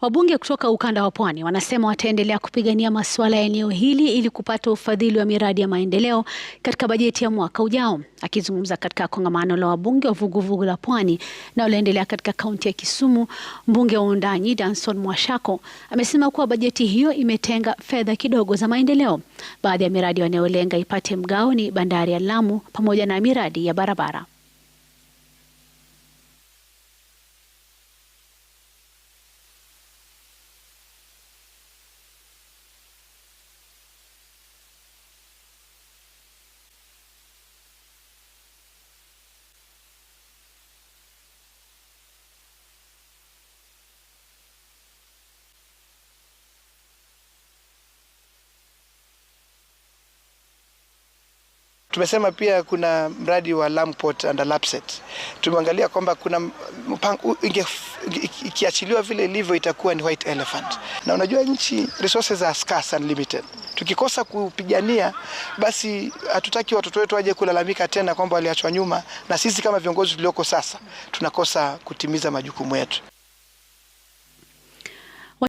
Wabunge kutoka ukanda wa Pwani wanasema wataendelea kupigania masuala ya eneo hili ili kupata ufadhili wa miradi ya maendeleo katika bajeti ya mwaka ujao. Akizungumza katika kongamano la wabunge wa vuguvugu la Pwani linaloendelea katika kaunti ya Kisumu, mbunge wa Undanyi Danson Mwashako amesema kuwa bajeti hiyo imetenga fedha kidogo za maendeleo. Baadhi ya miradi wanayolenga ipate mgao ni bandari ya Lamu pamoja na miradi ya barabara. Tumesema pia kuna mradi wa Lamport and Lapset. Tumeangalia kwamba kuna mpango ikiachiliwa vile ilivyo itakuwa ni white elephant, na unajua nchi resources are scarce and limited. Tukikosa kupigania basi hatutaki watoto wetu waje kulalamika tena kwamba waliachwa nyuma, na sisi kama viongozi tulioko sasa tunakosa kutimiza majukumu yetu.